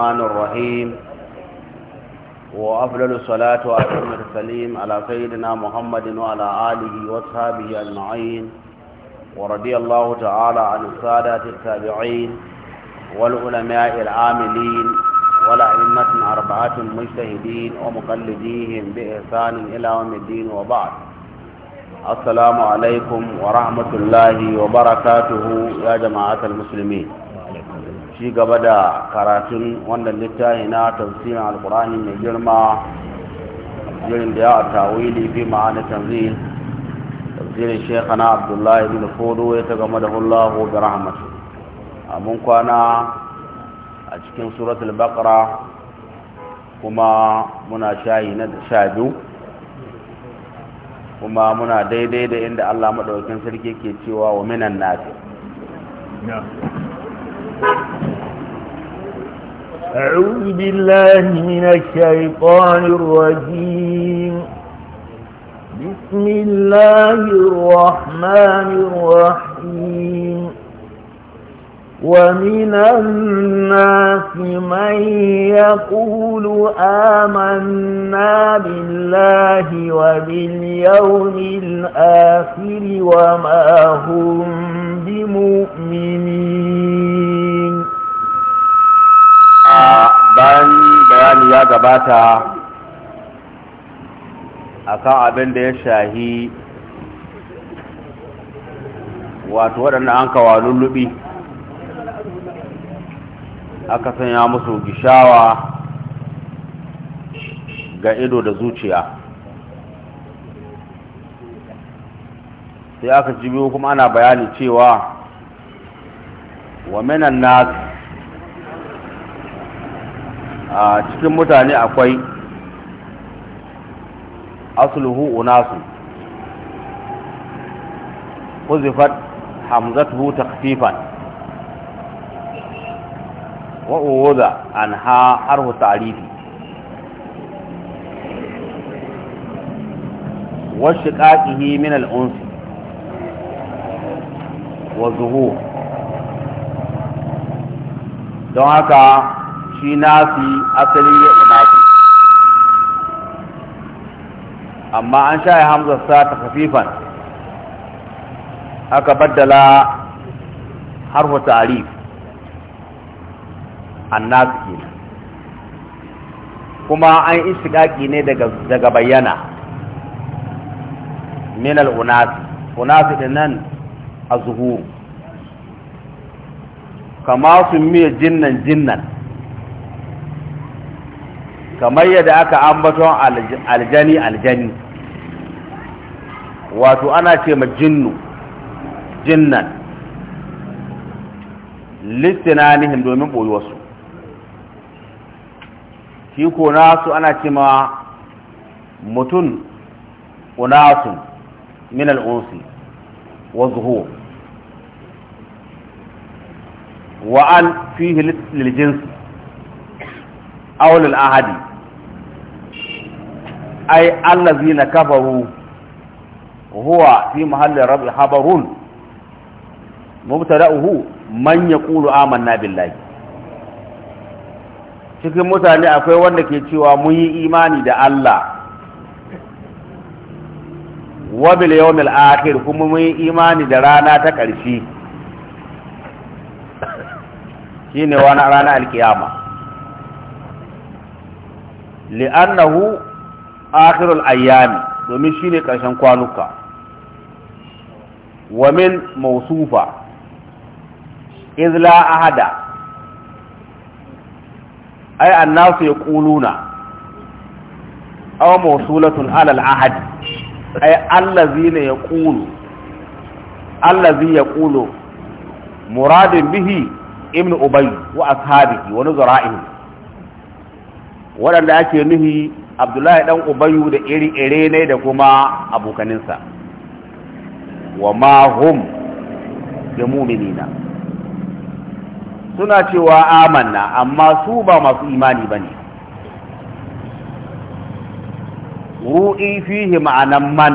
الرحمن الرحيم وأفضل الصلاة وأتم التسليم على سيدنا محمد وعلى آله وأصحابه أجمعين ورضي الله تعالى عن السادة التابعين والعلماء العاملين والأئمة أربعة المجتهدين ومقلديهم بإحسان إلى يوم الدين وبعد السلام عليكم ورحمة الله وبركاته يا جماعة المسلمين ci gaba da karatun wannan littafi na tafsirin alkurani mai girma tafsirin da ya tawili fi ma'ana tanzil tafsirin na abdullahi bin fodo ya ta game da hullahu da rahmatu a mun kwana a cikin suratul bakara kuma muna shayi na sha biyu kuma muna daidai da inda allah maɗaukin sarki ke cewa wa minan nasi أعوذ بالله من الشيطان الرجيم بسم الله الرحمن الرحيم ومن الناس من يقول آمنا بالله وباليوم الآخر وما هم بمؤمنين bayan bayani ya gabata akan abin da ya shahi wato waɗanda an kawa lullubi aka sanya musu gishawa ga ido da zuciya sai aka jibiyo kuma ana bayani cewa wa menan nasu a cikin mutane akwai asluhu unasu huzifat hamzatuhu takfifan wa uwuda anha harfu ta'rifi wa shiqaqihi min al wa don haka shi nafi asali ya unafi amma an sha ya hamzar sa ta hafifan aka baddala harfa tarif annafi kenan kuma an istiqaqi ne daga daga bayyana min al-unas unas dinan az-zuhur kama miye jinnan jinnan kamar yadda aka ambaton aljani aljani wato ana ce ma jinnu jinnan listinanihim domin ɓoyuwarsu shi ko nasu ana ce ma mutum unasun min al'unsi wa zuhur wa an fihi liljinsi aulul ahadi ai allazina kafaru huwa fi mahallin rabbi habarun mubtada'uhu man yaqulu amanna billahi cikin mutane akwai wanda ke cewa mun yi imani da Allah wa bil yawmil akhir kuma mun yi imani da rana ta ƙarshe shine wani rana alkiyama li'annahu akhirul ayyami domin shine karshen kwanuka wa min mawsufa iz la ahada ay annasu yaquluna aw mawsulatun ala al-ahad ay ne yaqulu allazi yaqulu muradin bihi ibnu ubay wa ashabihi wa nuzra'ihi Waɗanda ake nuhi abdullahi dan ubayu da iri ire ne da kuma abokaninsa wa ma hum bi mu'minina suna cewa amanna amma su ba masu imani bane ru'i fihi ma'anan man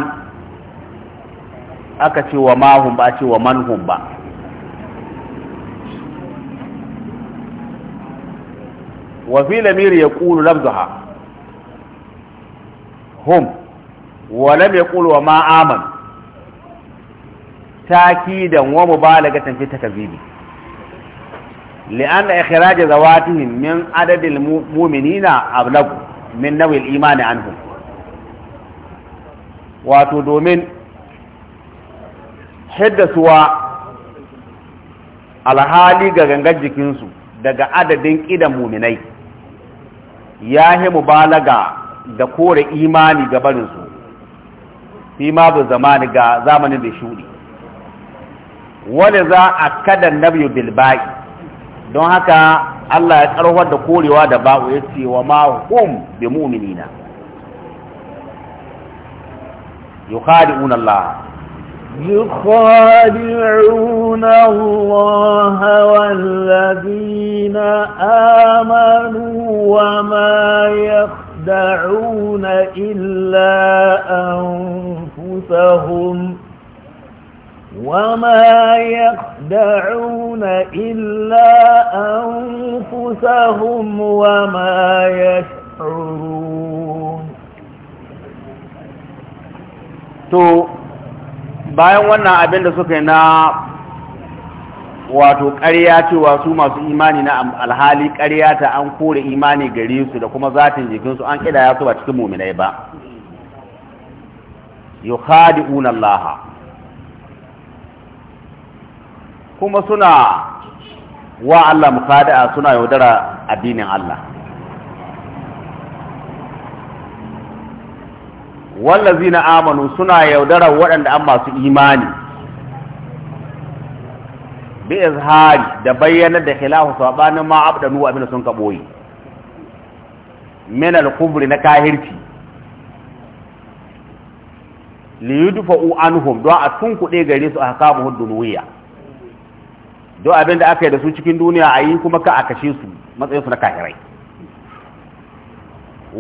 aka ce wa ma hum ba ce wa man hum ba wa fi lamiri yaqulu lamzaha hum walam yaqulu wa ma aman takidan wa mubalagatan fi takzibi لأن إخراج ذواتهم من عدد المؤمنين min من نوع الإيمان عنهم wato domin haddasuwa alhali ga gangar jikinsu daga adadin ƙidan muminai ya yi mubalaga da kore imani ga barinsu fi ma bu zamani ga zamanin da shuɗi, wani za a kada nabiyu bilba'i don haka Allah ya karfar da korewa da ba'u ya ce wa ma hum bi mu'minina yukhadi'un Allah يخادعون الله والذين آمنوا وما يخ يخدعون إلا أنفسهم وما يخدعون إلا أنفسهم وما يشعرون تو bayan wannan abin da suka yi na wato ƙarya cewa su masu imani na alhali ƙarya ta an kore imani gare su da kuma zatin jikinsu an ƙidaya su ba cikin muminai ba yukhadi'una Allah kuma suna wa Allah mukhadi'a suna yaudara addinin Allah wallazina amanu suna yaudara waɗanda an masu imani bi izhari da bayyanar da khilafu sabanin ma abdanu abin sun boye min al-kubri na kahirci li yudfa'u anhum do a tunkuɗe gare su ahkamu dunuwiya do abin da aka yi da su cikin duniya ayi kuma ka a kashe su matsayin su na kahirai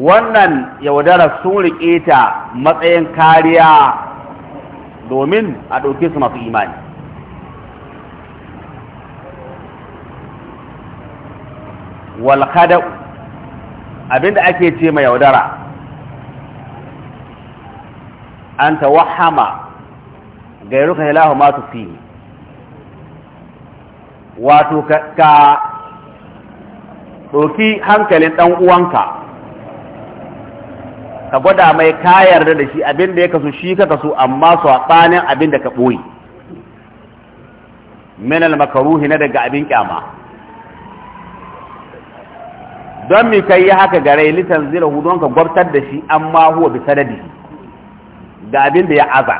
wannan yaudara sun riƙe ta matsayin kariya domin a ɗauke su masu imani wal khada abinda ake ce mai yaudara an tawahama gairuka ilahu ma fi wato ka ɗauki hankalin ɗan uwanka ka gwada mai ka yarda da shi abinda da ya kasu shi ka kasu amma su a tsanin abin ka ɓoye minal makaruhi na daga abin kyama don mi kai haka gare litan zira hu don ka gwabtar da shi ma huwa bi sanadi ga abin da ya aza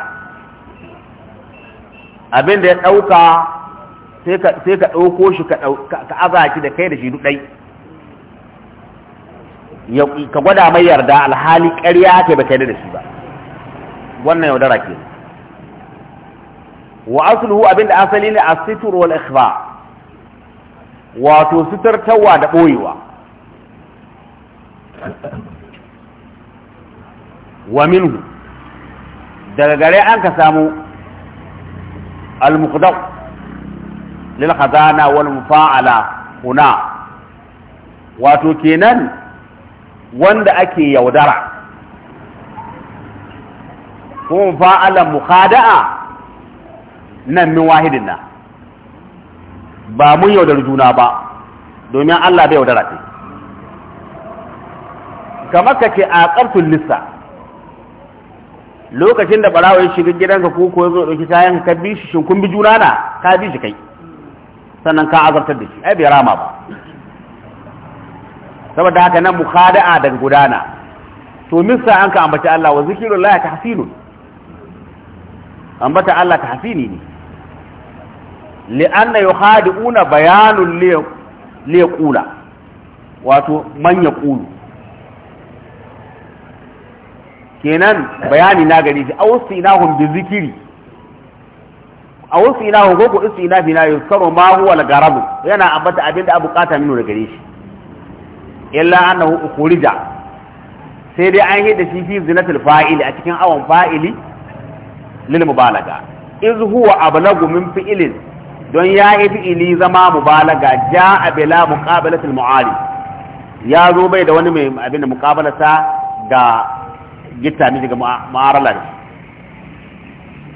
abin da ya ɗauka sai ka ɗauko shi ka aza shi da kai da shi duɗai ka gwada mai yarda alhali ƙarya ke ba kai da shi ba wannan yaudara ke wa asulu abin da asali ne a situr wal ikhfa wato tawa da ɓoyewa wa minhu daga gare an ka samu al-muqdaq lil khazana wal mufa'ala huna wato kenan wanda ake yaudara ko mufa'ala mukhada'a nan min wahidina na ba mun yaudar juna ba domin Allah bai yaudara ce kama ka ce a ƙarfin lissa lokacin da barawa ya shiga gidanka ko ko zo dauki kayan ka bi shi shin kun bi juna na ka bi shi kai sannan ka azartar da shi ai bai rama ba saboda haka nan mukhada'a da gudana to missa an ka ambata Allah wa zikrullahi tahsinun ambata Allah tahsini ne li'anna yukhadi'una bayanun li yaqula wato man yaqulu kenan bayani na gari shi awsinahum bi zikri awsinahum ko ko bina yusaru ma huwa al-garabu yana ambata abinda abu kata minu da gari shi illa annahu ukhrija sai dai an yi da shi fi zinatul fa'ili a cikin awon fa'ili lil mubalaga iz huwa ablagu min fi'ilin don ya yi fi'ili zama mubalaga ja'a bila muqabalatil mu'ari ya zo bai da wani mai abin da muqabalata da gitta ne daga ma'arala da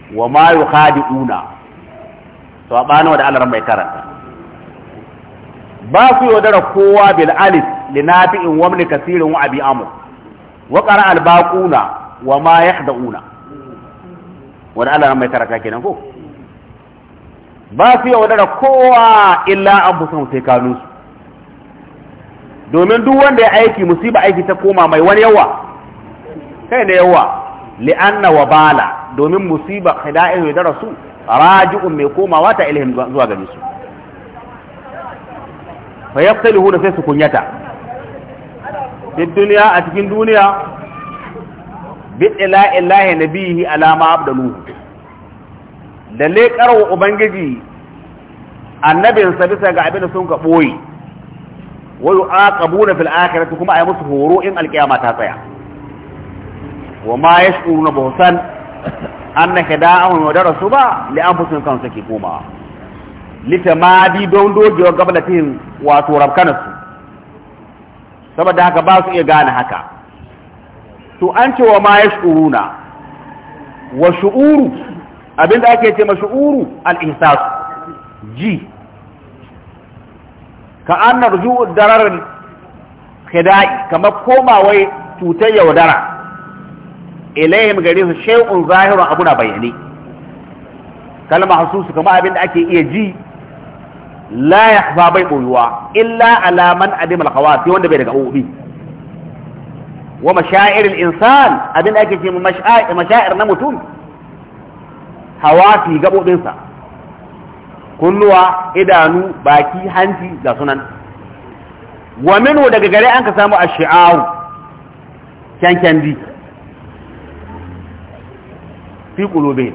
shi wa ma yu khadi'una to a bana da Allah mai karanta ba su yaudara kowa bil alif li fi in min kasirin wa abi amr wa qara al baquna wa ma una wanda Allah mai karanta kenan ko ba su yaudara kowa illa an fusan sai kanunsu domin duk wanda ya aiki musiba aiki ta koma mai wani yawa kai ne yawa li'anna bala domin musiba khida'in da rasu raji'un mai komawa ta ilhim zuwa gare su fa da sai su kunyata fi duniya a cikin duniya bi na illahi nabihi alama abdaluhu da lekar wa ubangiji annabinsa bisa ga abin da sun ka boye wa yu'aqabuna fil akhirati kuma ayi musu horo in alqiyama ta tsaya wa ma yashuruna bawsan annaka an wa darasu ba li anfusihim kan suke koma bi don dojewa gablatihim wato rabkanasu saboda haka ba su iya gane haka to an ce wa ma yashuruna wa shu'uru abinda ake ce ma shu'uru al-ihsas ji ka anna ruju'ud darar khida'i kamar komawai cutar yaudara ilayhim gare su shay'un zahirun abuna bayani kalma hasusu kama abin da ake iya ji la yahfa bai boyuwa illa ala man adim al wanda bai daga ubi wa mashaa'ir al-insan abin da ake ce mashaa'ir mashaa'ir na mutum hawa gabobin sa kunnuwa idanu baki hanci da sunan wa minhu daga gare an ka samu ash-shi'a'u kyankyandi في قلوبهم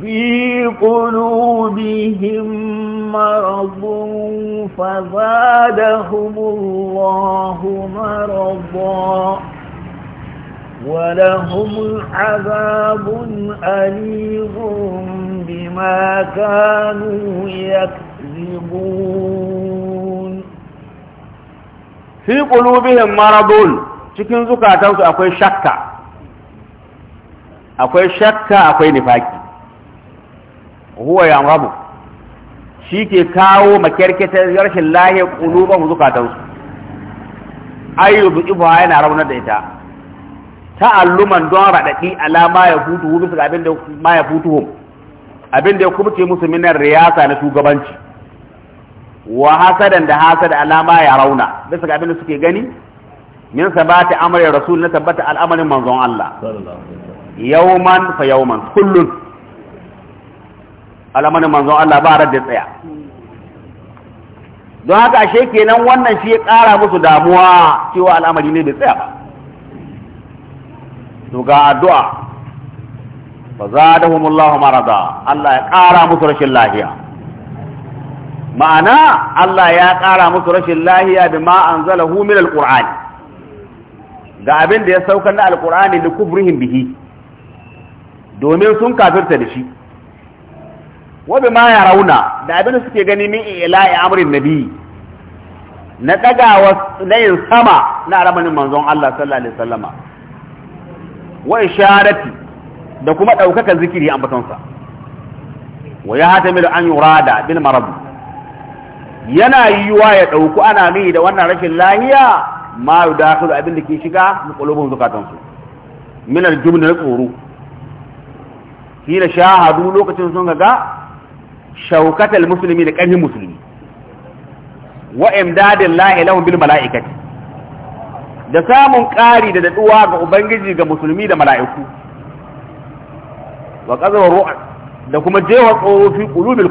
في قلوبهم مرض فزادهم الله مرضا ولهم عذاب أليم بما كانوا يكذبون في قلوبهم مرض cikin zukatansu akwai شكا akwai shakka akwai nifaki huwa ya rabu shi ke kawo makyarkitar rashin lahiyar ƙuluban zukatansu ayyubu ibuwa yana raunar da ita ta'alluman don raɗaɗi alama ya hutu hu bisa abin da ma ya hutu hu abin da ya kubce musu minar riyasa na shugabanci wa hasadan da hasada alama ya rauna bisa abin da suke gani min sabata amrin rasul na tabbata al'amarin manzon Allah sallallahu alaihi Yauman fa yawman kullun alamanin manzon Allah ba da tsaya don haka ashe kenan wannan shi ya ƙara musu damuwa cewa al'amari ne bai tsaya ba to ga addu'a fa zadahumullahu marada Allah ya ƙara musu rashin lafiya ma'ana Allah ya ƙara musu rashin lafiya bima anzalahu min alqur'ani ga abin da ya saukar na alqur'ani da kubrihim bihi domin sun kafirta da shi wabi ma ya rauna da abin suke gani min ya amrin nabi na dagawa na yin sama na ramanin manzon Allah sallallahu alaihi wasallama wa isharati da kuma daukaka zikiri an batonsa, wa ya mil an yurada bil marad yana yiwa ya dauku ana mi da wannan rashin lahiya ma yudakhilu abin da ke shiga mu qulubun zukatansu min al-jumla tsoro hina shahadu lokacin sun ga shaukatal musulmi da ƙarfin musulmi wa imdadin lahi lahum bil mala'ikati da samun ƙari da daɗuwa ga ubangiji ga musulmi da mala'iku wa da kuma jewa tsoro fi qulubil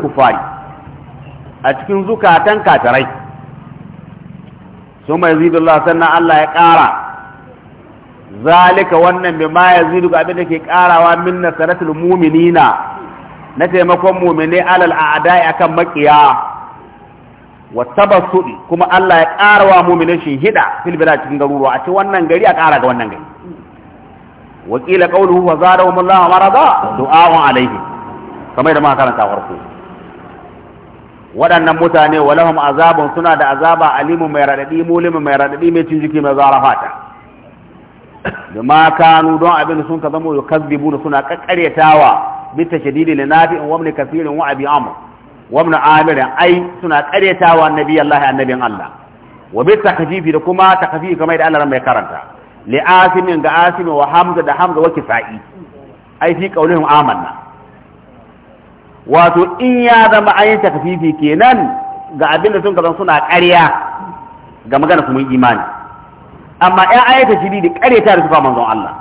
a cikin zukatan katarai sun mai zidullah sannan Allah ya ƙara zalika wannan bi ma yazidu ga abin da ke karawa min nasaratul mu'minina na taimakon mu'mini alal a'da'i akan makiya wa tabassudi kuma Allah ya karawa mu'minin shi hida fil bilad cikin garuruwa a ce wannan gari a kara ga wannan gari wa qila qawluhu wa zadahum Allah marada du'a'un alaihim kamar da muka karanta farko waɗannan mutane walahum azabun suna da azaba alimu mai radadi mulimin mai radadi mai cin jiki mai zarafata da ma kanu don abin sun ka zama yukazzibu da suna kakkaryatawa bita shadidi li nafi wa ibn kathir wa abi amr wa ibn amir ai suna karyatawa annabi Allah annabin Allah wa bi takfifi da kuma takfifi kamar da Allah mai karanta li asimin ga asimi wa hamza da hamza wa kifai ai fi qaulihim amanna wato in ya zama ta takfifi kenan ga abin da sun ka suna karya ga magana su mun imani amma ya ayyata shi da kareta da zuwa manzon Allah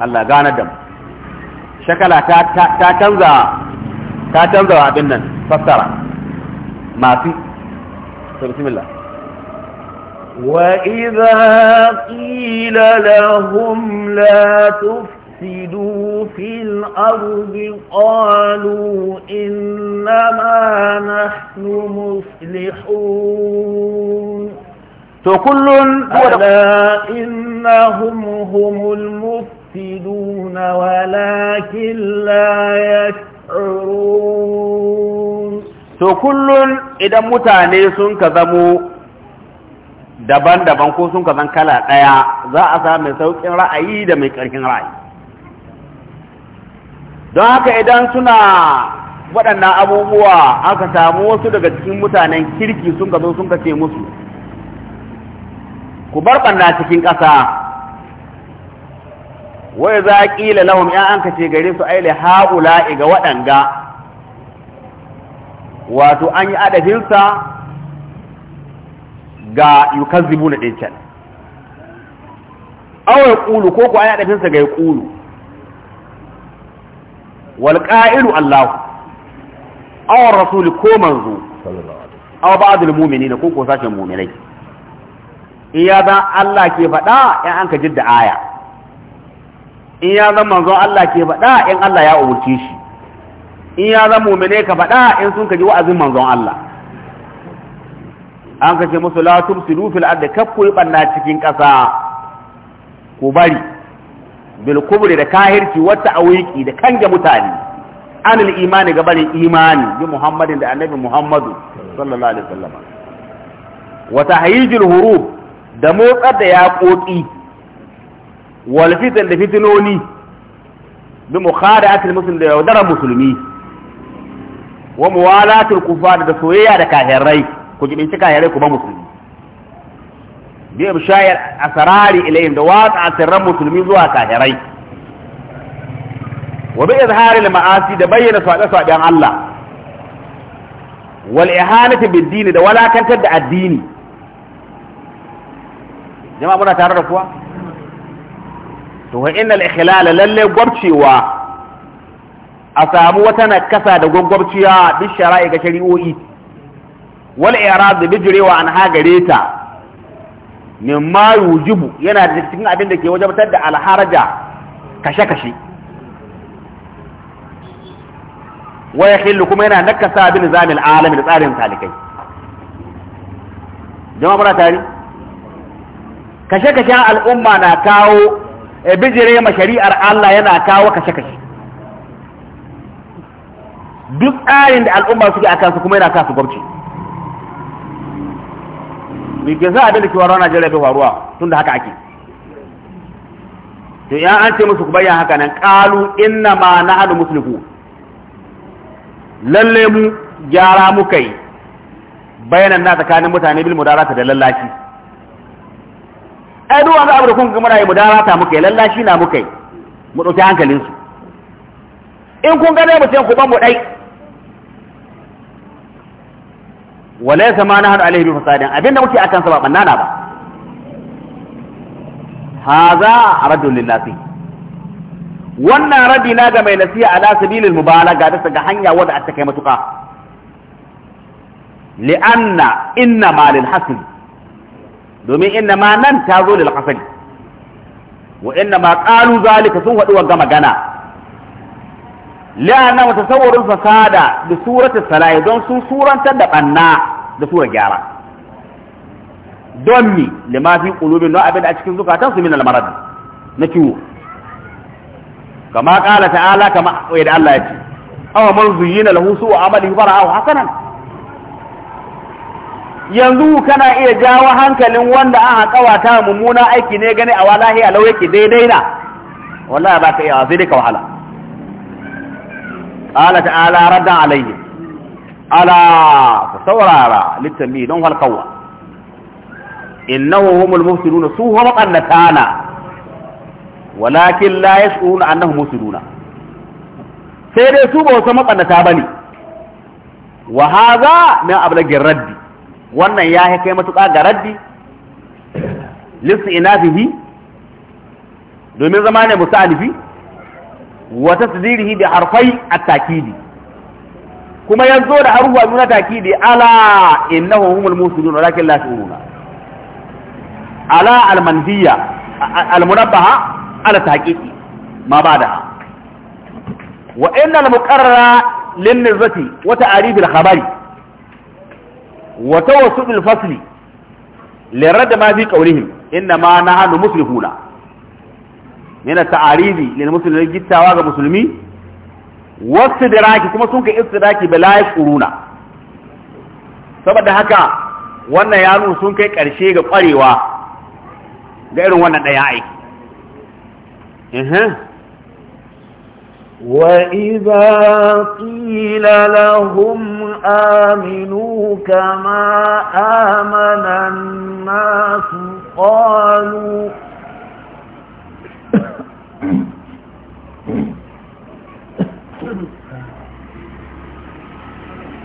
Allah gane da shakala ta ta canza ta canza abin nan fassara mafi bismillah wa idha qila lahum la tufsidu fil ardi qalu inna ma nahnu muslihun to kullun ala innahum humul mufsidun walakin la yash'urun to kullun idan mutane sun ka zamo daban-daban ko sun ka zan kala ɗaya za a sa mai sauƙin ra'ayi da mai ƙarfin ra'ayi don haka idan suna waɗannan abubuwa aka samu wasu daga cikin mutanen kirki sun ka zo sun ka ce musu ku bar banda cikin ƙasa wai za ƙila lahum ya an kace gare su aile haula ga waɗanga wato an yi adadinsa ga yukazzibu na ɗin can awai ƙulu ko ku an yi adadinsa ga ya ƙulu wal ƙa'ilu allahu awar rasuli ko manzo awa ba'adul na ko ko sashen mu'minai in ya zan Allah ke faɗa in an ka jidda aya in ya zan manzon Allah ke faɗa in Allah ya umurce shi in ya zan mumine ka faɗa in sun ka ji wa'azin manzon Allah an ka ce musu la tubsidu fil ardi kakku yi banna cikin ƙasa ku bari bil kubri da kahirci wata wiki da kange mutane anil imani ga bari imani bi muhammadin da annabi muhammadu sallallahu alaihi wasallam wa tahyijul hurub da motsar da yaƙoƙi wal da fitinoni bi mukhada'atil muslim da yaudarar musulmi wa muwalatul kufar da soyayya da kafirai ku jibinci kafirai ku ba musulmi bi ibshayar asrari ilayhim da watsa sirran musulmi zuwa kafirai wa bi izharil ma'asi da bayyana sabe-saben Allah wal ihanati bid-din da walakantar da addini jama'a muna tare da kuwa to wa innal ikhlal lalle gwabcewa a samu wata nakasa da gwabciya bi shara'i ga shari'o'i wal i'rad jurewa an ha gare min ma yujibu yana da cikin abin da ke wajabtar da alharaja kashe kashe wa khillu kuma yana nakasa bi nizamil alamin da tsarin talikai jama'a muna tare kashe kashe al'umma na kawo eh, bijire ma shari'ar Allah yana kawo kashe-kashe duk tsarin da al'umma suke a kansu kuma yana su gwamci mai ke a abin da ke rana Najeriya bai waruwa tun da haka ake to ya an ce musu ku bayyana haka nan kalu inna ma na hadu musulku lalle mu gyara muka yi bayanan na tsakanin mutane bil mudarata da lallaci ai duk wanda abu da kun ga muna yi mu darata muka yi lallashi na muka yi mu ɗauki hankalin su in kun ga dai mutum ku ban mu ɗai dai walaysa ma nahar alaihi bi fasadin abinda muke akan sa ba bannana ba haza radul lillahi wannan radi na ga mai nasiya ala sabilil mubalaga bisa ga hanya wadda aka kai matuƙa li'anna inna malil lil domin inna ma nan ta zo da lakasari wa inna ma ƙalu zalika sun haɗu wa magana la'anna wa tasawwurul fasada da surati salai don sun surantar da ɓanna da sura gyara don mi lima fi qulubin don abin da a cikin zukatan su min al marad na ciwo kama qala ta'ala kama wa da Allah ya ce aw man zuyyina lahu su'u fara fara'ahu hasanan yanzu kana iya jawo hankalin wanda aka kawata mummuna aiki ne gani a wallahi alau yake daidai na wallahi ba ka iya sai dai ka wahala qala ta'ala radda alayhi ala saurara litambi don halkawa innahu humul mufsidun su hum qannatana walakin la yash'uruna annahum mufsiduna sai dai su ba wasu matsannata bane wa hadha min ablagir raddi wannan ya kai matuƙa ga raddi lissu ina fihi domin zama ne musalifi wata tadirihi da harfai a takidi kuma ya zo da haruwa nuna takidi ala Inna humul musulun walakin la shuruna ala almanziya almunabbaha ala taqiqi ma bada wa innal muqarrara lin nizati wa ta'rif al khabari wa tawassudul fasli lirad ma fi qawlihim inna ma nahnu muslihuna min at-ta'aridi lil muslimin gittawa ga musulmi wasu diraki kuma sun kai istidraki bila kuruna saboda haka wannan yaro sun kai ƙarshe ga kwarewa ga irin wannan daya aiki وإذا قيل لهم آمنوا كما آمن الناس قالوا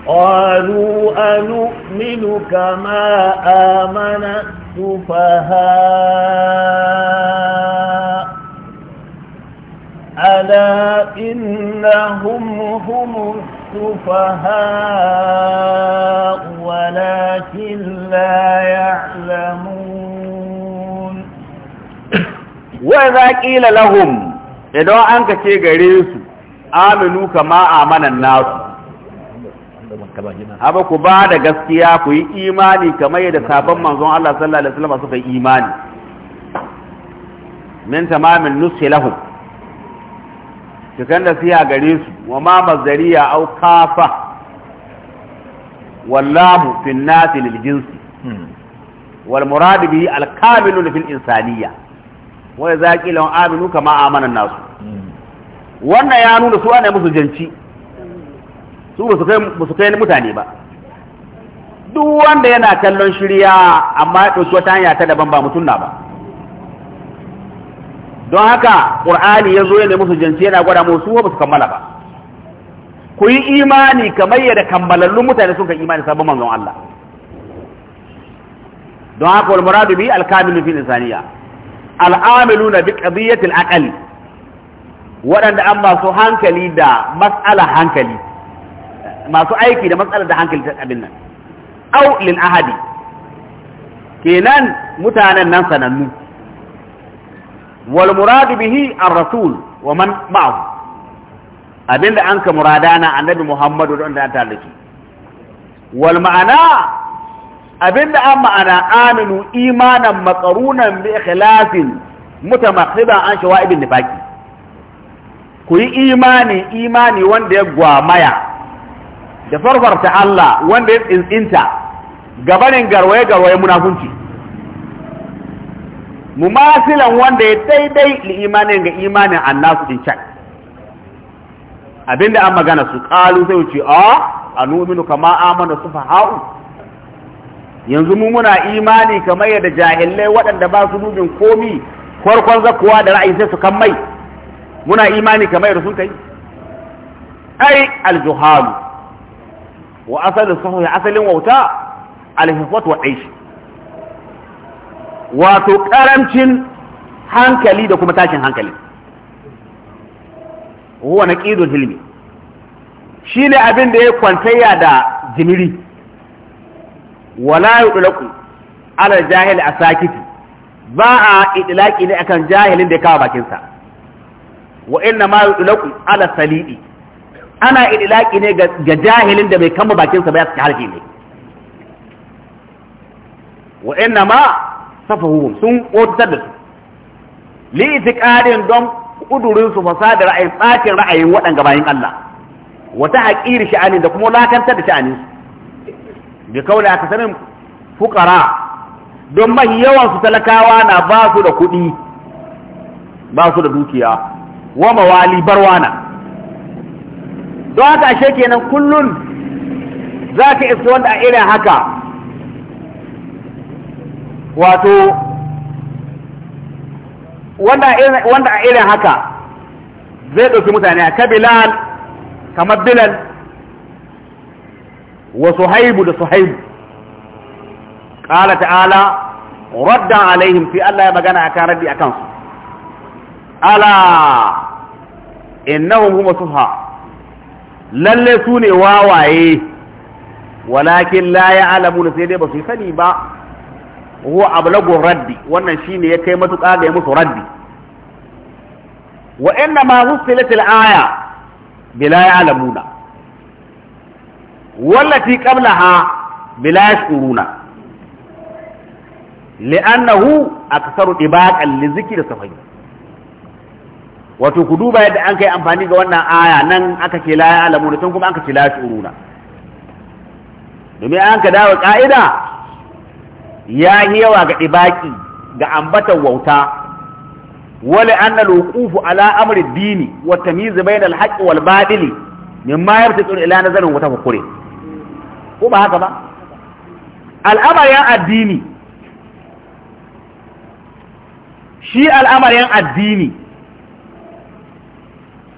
قالوا أنؤمن كما آمن السفهاء ألا إنهم هم السفهاء ولكن لا يعلمون وإذا قيل لهم إذا أنك تيغريس آمنوا كما آمن الناس haba ku ba da gaskiya ku yi imani kamar yadda sabon manzon Allah sallallahu alaihi wasallam suka yi imani min tamamin nusi lahum cikin siya gare su wa ma mazariya au kafa wallahu fi nati lil jinsi hmm. wal murad bihi al kamilu fil insaniya wa za qila aminu kama amana nasu hmm. wannan ya nuna su ana musu janci su ba su kai musu kai mutane ba duk wanda yana kallon shirya amma ya ɗauki wata hanya ta daban ba mutunna ba don haka Al-ƙur'ani ya zo ya nemi su jance yana gwada musu ba su kammala ba ku yi imani kamar yadda kammalallun mutane sun kan imani sabon manzon Allah don haka wal muradu bi al fi insaniya al bi qadiyati al aqli waɗanda an masu hankali da mas'ala hankali masu aiki da mas'ala da hankali ta abin nan au lil ahadi kenan mutanen nan sanannu wal muradu bihi ar-rasul wa man ma'ahu abinda an ka na annabi Muhammadu don da an tallaki wal ma'ana abinda an ma'ana aminu imanan maqarunan bi ikhlasin mutamakhiban an shawa'ibin nifaqi ku yi imani imani wanda ya gwamaya da farfarta Allah wanda ya tsintsinta gabanin garwaye garwaye munafunci mumasilan wanda ya daidai imanin ga imanin annasu din can abinda an magana su kalu sai wuce a anuminu kama amana su fahau yanzu mu muna imani kamar yadda jahilai waɗanda ba su nubin komi kwarkwan zakuwa da ra'ayi sai su kan mai muna imani kamar yadda sun kai ai aljuhalu wa asalin sahu asalin wauta alhifat wa aishi wato karancin hankali da kuma tashin hankali huwa ƙidon hilmi Shi ne abin da ya kwantaya da jimiri wala yudlaqu ala jahil sakiti ba a idlaqi ne akan jahilin da ya kawo bakinsa, sa wa inna ma yudlaqu ala salidi ana idlaqi ne ga jahilin da bai kama bakinsa ba ya saki harfi ne wa inna ma safahuhum sun otar da su li itiqadin don kudurin su fasada ra'ayin tsakin ra'ayin waɗanga bayin Allah wata haƙir sha'ani da kuma lakantar da sha'ani bi kaula aka sanin fuqara don mahi yawan su talakawa na ba su da kuɗi ba su da dukiya wa mawali barwana don haka ashe kenan kullun zaka ka iska wanda a irin haka wato wanda a irin haka zai ɗauki mutane a kabilan kamar bilan wa suhaibu da suhaibu ƙala ta'ala radda alaihim fi Allah ya magana a kan raddi a kansu ala innahum huma suha lalle su ne wawaye walakin la ya alamu sai dai ba su yi sani ba huwa ablagu raddi wannan shine ya kai matuƙa ga musu raddi wa inna ma husilatil aya bila ya'lamuna wallati qablaha bila yashuruna li'annahu aktharu ibaqan li zikri safai wato ku duba yadda an kai amfani ga wannan aya nan aka ce la ya'lamuna tun kuma aka ce la yashuruna domin an ka dawo ka'ida ya yi yawa ga ɗibaki ga ambatan wauta wale anna luqufu ala amri dini wa tamyiz bayna al-haqqi wal badili mimma yartaqu ila nazarin wata kukure. ko ba haka ba al'amarin addini shi al'amarin addini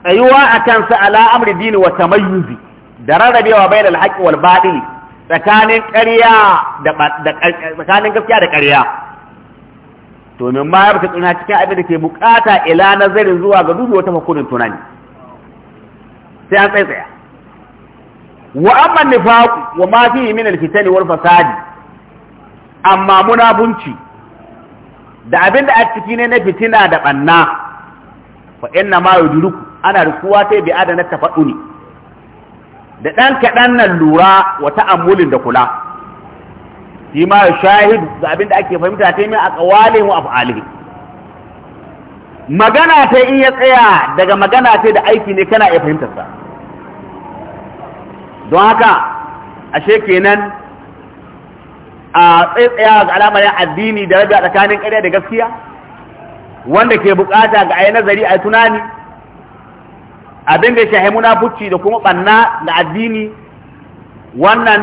tsayuwa a kansa ala amri dini wa tamayyuzi da rarrabewa da alhaƙi wal baɗili tsakanin ƙarya da tsakanin gaskiya da ƙarya to min ma yarka tsuna cikin abin da ke bukata ila nazarin zuwa ga dubi wata makonin tunani sai an tsaya wa amma nifaq wa ma fi min alfitani wal fasadi amma munafunci da abin da a ciki ne na fitina da banna fa inna ma yudruku ana rukuwa sai bi adana tafaduni da ɗan kaɗan nan lura wa ta'ammulin da kula shi ma ya shahidu ga abin da ake fahimta ta yi a ƙawale wa af'alihi magana ta in ya tsaya daga magana ta da aiki ne kana iya fahimtarsa don haka ashe kenan a tsaitsaya ga alamar addini da raja tsakanin ƙarya da gaskiya wanda ke bukata ga ayi nazari a tunani abin da shahi munafuci da kuma banna da addini wannan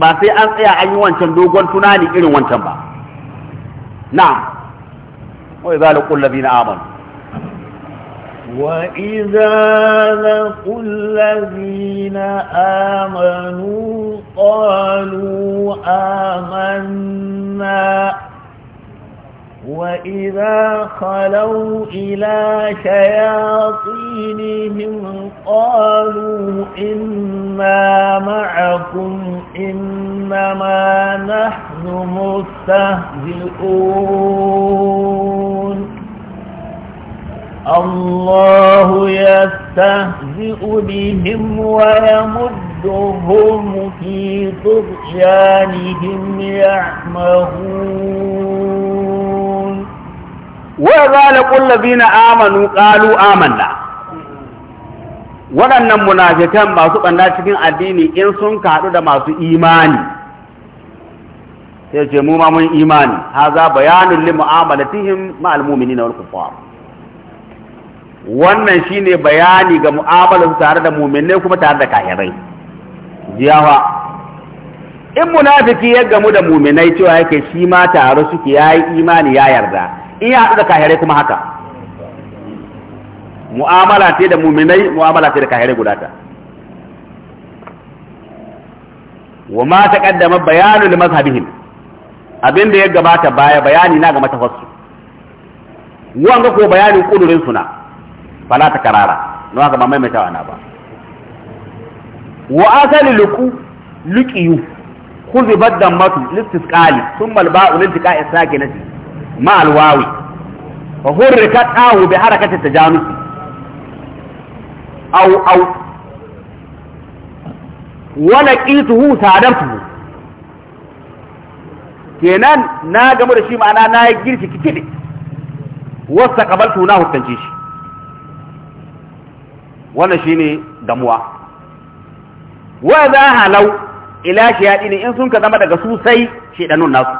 ba sai an tsaya an yi wancan dogon tunani irin wancan ba na'am wa idza laqul ladina amanu wa idza laqul ladina amanu qalu amanna وإذا خلوا إلى شياطينهم قالوا إنا معكم إنما نحن مستهزئون الله يستهزئ بهم ويمدهم في طغيانهم يعمهون wa laqul ladina amanu qalu amanna waɗannan munafikan masu ɓanna cikin addini in sun kaɗu da masu imani sai ce mu ma mun imani haza bayanin li mu'amalatihim ma'al mu'minina wal kuffar wannan shine bayani ga mu'amalar tare da mu'minai kuma tare da kafirai jiyawa in munafiki ya gamu da mu'minai cewa yake shi ma tare suke yayi imani ya yarda in ya haɗu da kahirai kuma haka mu'amala ce da muminai mu'amala ce da kahirai guda ta wa ma kaddama bayanu li mazhabihim abin da ya gabata baya bayani na ga matafassu ga ko bayanin kudurin suna fala ta karara don haka ba maimaitawa na ba wa asali luku luqiyu khuzibat dammatu listisqali thumma alba'u lintiqa'i sakinati ma alwawi wa hurrikat ahu bi harakati tajanus aw aw wa laqituhu sadartuhu kenan na gamu da shi ma'ana na yi girki kitide wasta kabaltu na hukunci shi wannan ne damuwa wa za halau ila shi shayadin in sun ka zama daga sosai sai shedanun nasu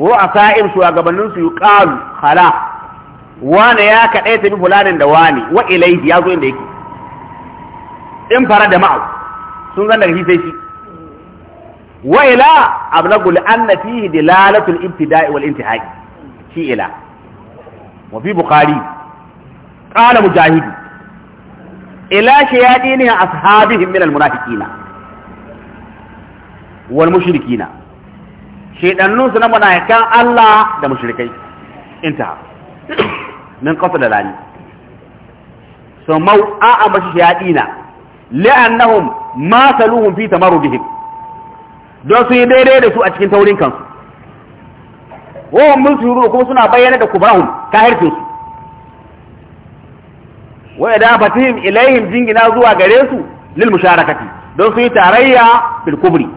ko a shugabannin su a gabanin su yi yuqalu khala wane ya kadai tafi fulanin da wani wa ilayhi ya zo inda yake in fara da ma'au sun zan daga shi sai shi wa ila ablagu li anna fihi dilalatul ibtida'i wal intihai shi ila wa fi bukhari qala mujahid ila shayadini ashabihim min al munafiqina wal mushrikina shedannun na munafikan Allah da mushrikai intaha min da lani so mau a abashi shayadina li'annahum ma saluhum fi tamarrudihim don su yi daidai da su a cikin taurin kansu wa mun suru kuma suna bayyana da kubrahum kahirtin su wa idza fatihim ilaihim jingina zuwa gare su lil musharakati don su yi tarayya fil kubri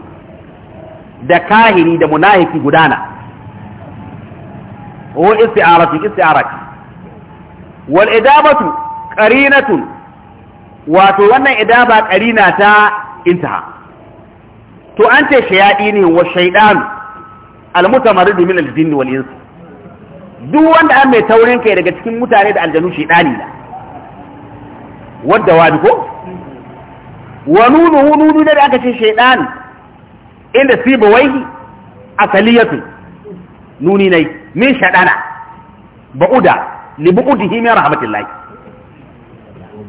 da kahiri da munahiki gudana wa isti'aratu isti'arati wal idabatu qarinatun wato wannan idaba qarina ta intaha to an ce shayadi ne wa shaydan al mutamarrid min al jinn wal ins duk wanda an mai taurin kai daga cikin mutane da aljanu shaydani ne wadda wani ko wa nunuhu nunu da aka ce shaydan inda siba wai asaliyatu nuni nai min shadana ba'uda li bu'udihi himi rahmatillahi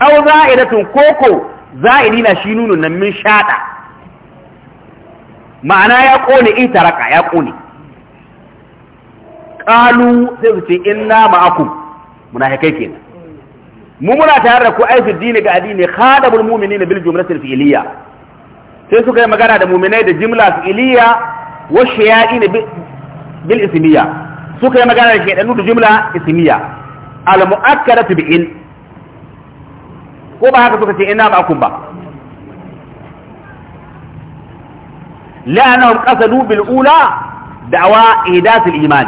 aw za'idatun koko za'idi na shi nunun nan min shada ma'ana ya kone taraka ya kone qalu sai su ce inna ma'akum munafikai kenan mu muna tare da ku aifi dini ga addini khadabul mu'minina bil jumlatil fi'liyya sai suka yi magana da muminai da jimla iliya wa shaya'i bil isimiya suka yi magana da shaidanu da jimla ismiya al mu'akkadatu bi in ko ba haka suka ce ina ba kun ba la'anahum qasadu bil ula da'wa idatul iman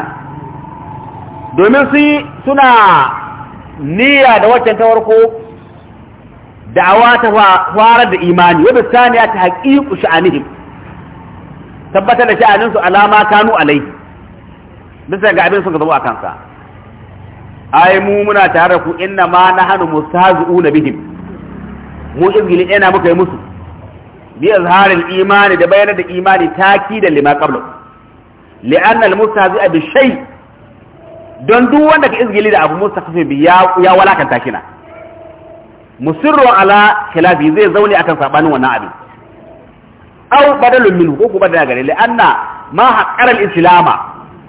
domin su suna niyya da waccan ta farko da'awa ta farar da imani wa bisaniya ta haqiqu sha'anihim tabbatar da sha'anin su alama kanu alai bisa ga abin sun gaba a kansa ai mu muna tare da ku inna ma nahnu mustahzi'una bihim mu izgili ina muka yi musu bi izharil imani da bayanar da imani takidan lima qabla li'anna al-mustahzi'a bi shay don duk wanda ka izgili da abu mustahzi bi ya walakanta kina musirro ala khilafi zai zaune akan sabanin wannan abin aw badalun minhu ko ku badala gare li anna ma haqqara al-islama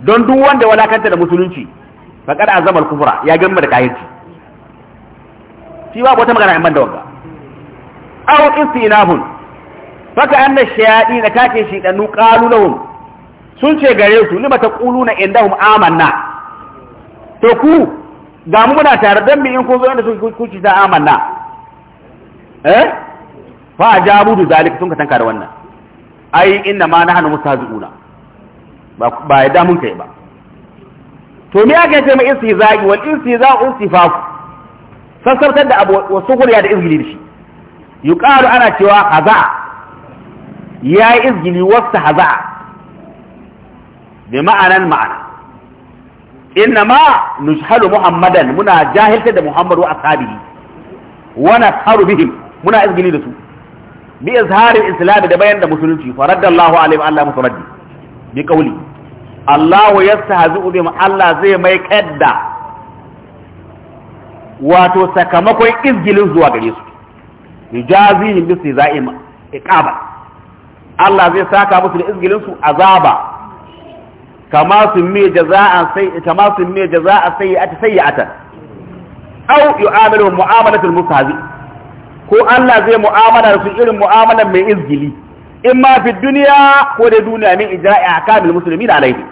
don duk wanda walakanta da musulunci faqad azama al-kufra ya gamba da kafirci shi ba wata magana amma ban da wanga aw istinahun faka anna shayadi da kake shi da qalu lahum sun ce gare su lima taquluna indahum amanna to ku ga mu muna tare dan me in kun zo inda ku ci da amanna Eh? fa ajabu bi zalika sun ka tanka da wannan ai inna ma hannu musa ba ba ya damun kai ba to me aka ce mai istihza'i wal istihza'u istifaf sassartar da abu wasu huriya da izgili da shi yuqalu ana cewa haza ya izgili wasu haza bi ma'anan ma'ana inna ma nushalu muhammadan muna jahilta da muhammadu ashabihi wa nasaru bihim muna izgili da su bi izharin islam da bayan da musulunci faraddallahu alaihi wa Allah musu raddi bi qawli Allah yastahzi'u bihim Allah zai mai kadda wato sakamakon izgilin zuwa gare su yujazihim bi siza'im iqaba Allah zai saka musu da izgilin su azaba kama sun me jaza'an sai kama sun me jaza'a sayyi'atan aw yu'amilu mu'amalatul mustahzi' ko Allah zai mu'amalar su irin mu'amala mai izgili in ma fi duniya ko da duniya min ijra'i musulmi da alaihi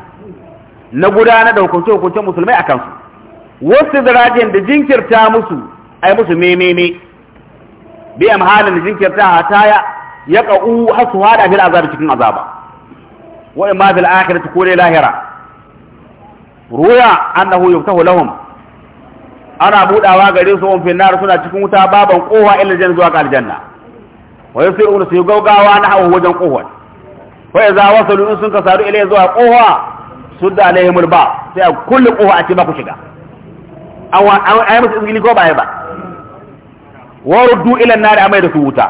na gudanar da hukunce hukuncen musulmai akan su wasu zirajen da jinkirta musu ai musu mememe bi amhalin da jinkirta taya ya qa'u hasu hada fil azab cikin azaba wa ma fil akhirati ko lahira ruya annahu yuftahu lahum ana budawa gare su on finnar suna cikin wuta baban kowa ila jan zuwa ga aljanna wa yasiru su gaugawa na hawo wajen kowa fa idza wasalu in sun kasaru ila zuwa kowa sudda alaihimul ba sai kullu kowa a ce ba ku shiga an ayi musu izgili ko ba ba wa ruddu ila an-nar amai da su wuta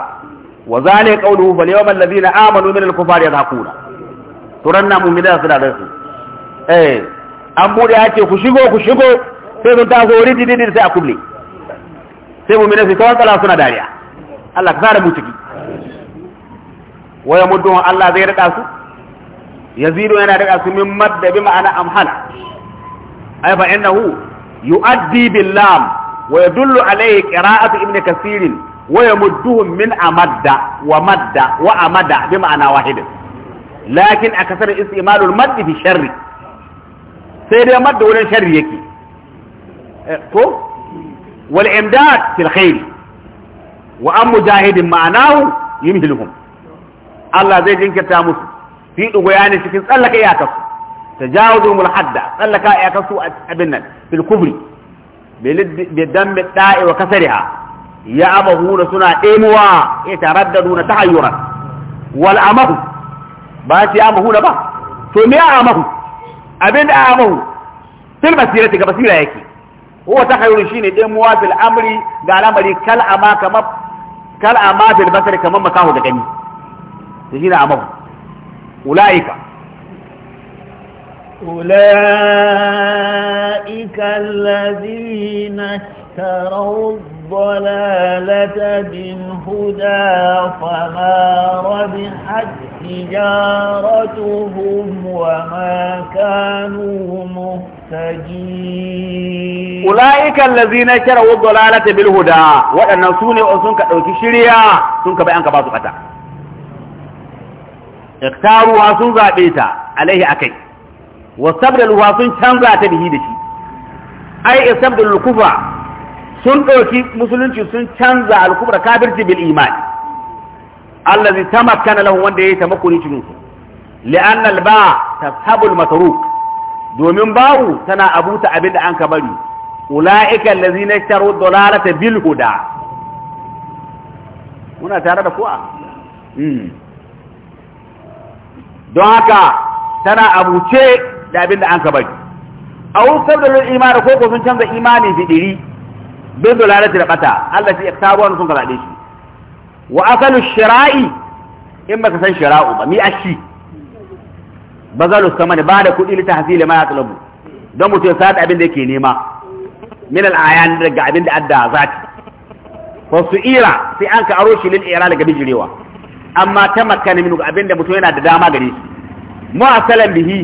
wa zalika qawluhu fal yawma alladhina amanu min al-kufari yadhakuna turanna mu'minina sadaqatu eh an bude ya ce ku shigo ku shigo sai sun taso wuri dididin sai a kuble sai mu minasi kawai kala suna dariya Allah ka fara mu ciki waya muddun Allah zai rika su yazidu yana rika su min madda bi ma'ana amhala ay fa innahu yu'addi bil lam wa yadullu alayhi qira'atu ibn kasir wa yamudduhum min amadda wa madda wa amada bi ma'ana wahid lakin akasar istimalul maddi fi sharri sai dai madda wurin sharri yake كوف والامداد في الخيل وام مجاهد معناه يمهلهم الله زي جنك تاموس في دغيان سكن صلك يا كف تجاوز الحد صلك يا كف ابن في الكبر بالدم الداء وكسرها يا ابو هو سنا ايموا يترددون تحيرا والامه ba shi amahuna ba to me amahu abin da amahu sai basira ta gaba sira yake huwa tahayyul shine din muwafil amri da al'amari kal ama kama kal ama fil basari kaman makaho ga gani to shine اشتروا الضلالة بالهدى فما ربحت تجارتهم وما كانوا مهتدين أولئك الذين اشتروا الضلالة بالهدى وأن سوني أنسونك أوكي شريا سونك بأنك باسو قتا اختاروها سنزا بيتا عليه أكي واستبدلوها سنشانزا تبهيدشي أي استبدل الكفر sun ɗauki musulunci sun canza alkubra kafirci bil iman allazi tamakkana lahu wanda yayi tamakkuni cikin su li'an alba tashabul matruk domin bawu tana abuta abin da an ka bari ulaika allazina ishtaru dalalata bil huda muna tare da kuwa hmm. don haka tana abuce da abin da an ka bari a wurin sabbin imani ko ko sun canza imani fidiri bin dalalati da bata Allah shi iktabu wani sun a shi wa asalu shira'i in baka san shira'u ba mi ashi bazalu samani ba da kuɗi lita hasili ma ya talabu don mutum ya sata abin da yake nema min al'ayan daga abin da adda zati fa su'ira sai an ka aro shi lil ira daga bijirewa amma ta makkana min abin da mutum yana da dama gare shi mu'asalan bihi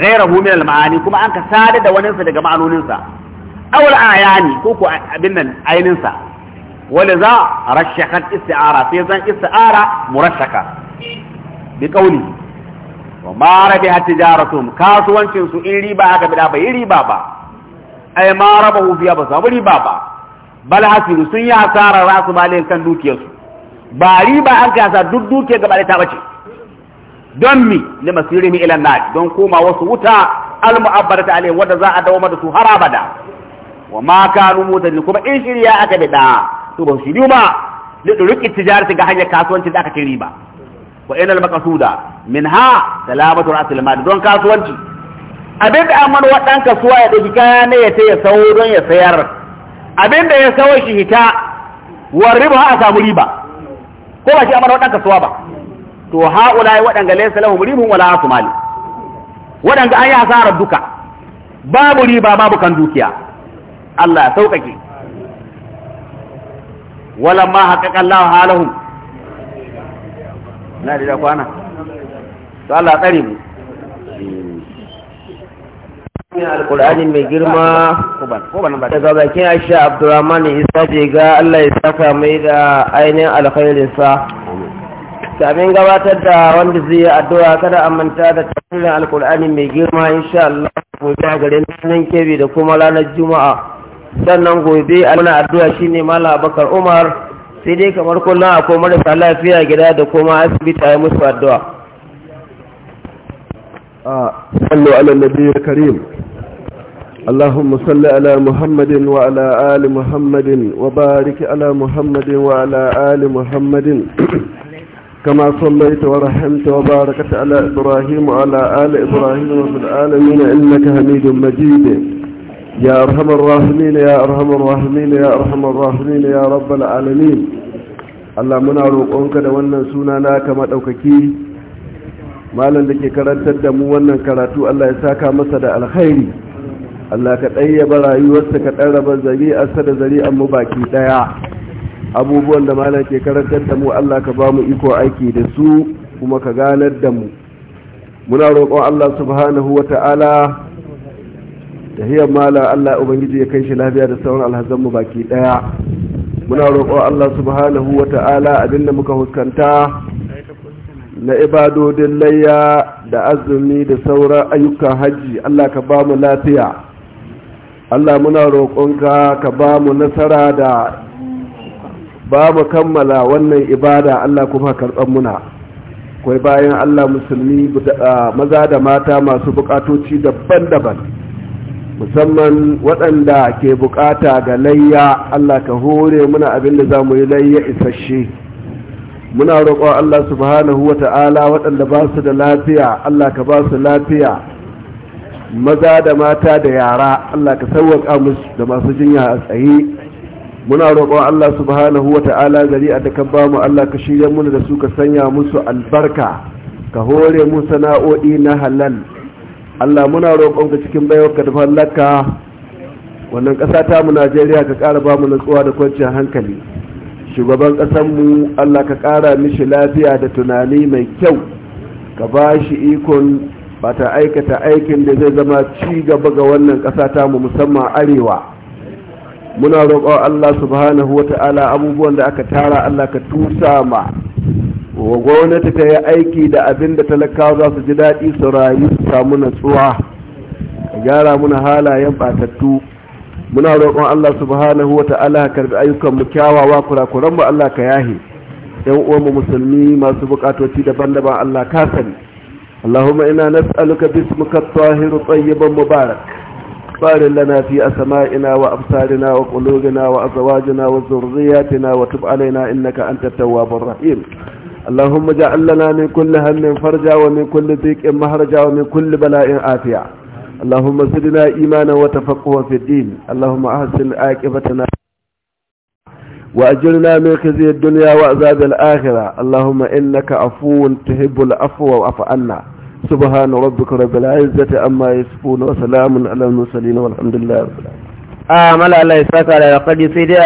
ghayrahu min al-ma'ani kuma an ka sada da waninsa daga ma'anoninsa awal ayani ko ko abin nan ainin sa wala za rashakat isti'ara sai zan isti'ara murashaka bi qawli wa ma rabihat tijaratuhum kasuwancin su in riba aka bida bai riba ba ay ma rabahu fiya ba samu riba ba bal hasiru sun yi asara rasu malin kan dukiyarsu ba riba an kasa duk dukiyar gaba ta bace don mi li masirihim ila an don koma wasu wuta al mu'abbadata alayhi za a dawo da su haraba da. wa ma kanu mutadil kuma in shirya aka bi da to ba biyu ba li duruki tijarati ga hanyar kasuwanci da aka ci riba wa inal maqsuda minha salamatu rasul mal don kasuwanci abin da amman wadan kasuwa ya dauki kaya ne ya sai ya sayo don ya sayar abin da ya sayo shi hita wa riba a samu riba ko ba shi amman wadan kasuwa ba to haulai wadanga laysa lahum ribun wala asmal wadanga an yi asarar duka babu riba babu kan dukiya Allah ya sauƙaƙe walamma haƙaƙa Allah halahu na da kwana to Allah tsare mu Al-Qur'ani mai girma daga bakin Aisha, abdurrahman isa ga allah ya saka mai da ainihin alkhairinsa kamin gabatar da wanda zai yi addu'a kada a manta da tafsirin qurani mai girma insha allah ku a garin nan kebe da kuma ranar juma'a sannan gobe a muna addu'a shine Malam Abubakar Umar sai dai kamar kullum akwai marasa lafiya gida da kuma asibiti ya musu addu'a sallu ala nabiyyi karim اللهم صل على محمد وعلى آل محمد وبارك على محمد وعلى آل محمد كما صليت ورحمت وباركت على إبراهيم وعلى آل إبراهيم وفي العالمين إنك حميد مجيد يا أرحم الراحمين يا أرحم الراحمين يا أرحم الراحمين يا رب العالمين Allah muna roƙonka da wannan suna na kama malam da ke karantar da mu wannan karatu Allah ya saka masa da alkhairi Allah ka ɗayyaba rayuwarsa ka ɗarraba zari'arsa da zari'ar mu baki ɗaya abubuwan da malam ke karantar da mu Allah ka ba iko aiki da su kuma ka ganar da mu muna roƙon Allah subhanahu wa ta'ala tahiyar mala Allah ubangiji ya kai shi lafiya da sauran alhazan baki daya muna roƙo Allah subhanahu wa ta'ala da muka huskanta na ibadodin layya da azumi da sauran ayyukan hajji Allah ka ba mu lafiya Allah muna roƙonka ka ba mu nasara da ba mu kammala wannan ibada Allah kuma karɓar muna kwai bayan Allah musulmi ah, maza da mata masu buƙatoci daban-daban musamman waɗanda ke bukata ga layya Allah ka hore muna abin da za mu yi layya isasshe muna roƙo Allah subhanahu wa ta'ala waɗanda ba su da lafiya Allah ka ba su lafiya maza da mata da yara Allah ka sauwaƙa musu da masu jinya a tsaye muna roƙo Allah subhanahu wa ta'ala zari'a da ka ba mu Allah ka shirya muna da su ka sanya musu albarka ka hore mu sana'o'i na halal Allah muna roƙonka cikin baiwarka da fallaka wannan ƙasa ta mu Najeriya ka ƙara ba mu nutsuwa da kwanciyar hankali shugaban ƙasar mu Allah ka ƙara mishi lafiya da tunani mai kyau ka ba shi ikon ba ta aikata aikin da zai zama ci gaba ga wannan ƙasa ta mu musamman arewa muna roƙon Allah subhanahu wata'ala abubuwan da aka tara Allah ka tusa ma wa gwamnati ta yi aiki da abin da talakawa za su ji daɗi su rayu su samu natsuwa a gyara muna halayen ɓatattu. muna roƙon Allah subhanahu wa ta'ala karbi ayyukan mu kyawawa kurakuran mu Allah ka yahi yan mu musulmi masu bukatoci daban-daban Allah ka sani Allahumma ina nas'aluka bismika at-tahir tayyiban mubarak بارك wa في أسمائنا وأبصارنا na وأزواجنا وذرياتنا وتب علينا إنك أنت التواب الرحيم اللهم اجعل لنا من كل هم فرجا ومن كل ضيق مهرجا ومن كل بلاء عافيا اللهم زدنا إيمانا وتفقها في الدين اللهم أحسن عاقبتنا وأجرنا من خزي الدنيا وعذاب الآخرة اللهم إنك عفو تحب العفو واعف عنا سبحان ربك رب العزة أما يصفون وسلام على المرسلين والحمد لله رب العالمين آمل آه، الله يساك على قد سيدي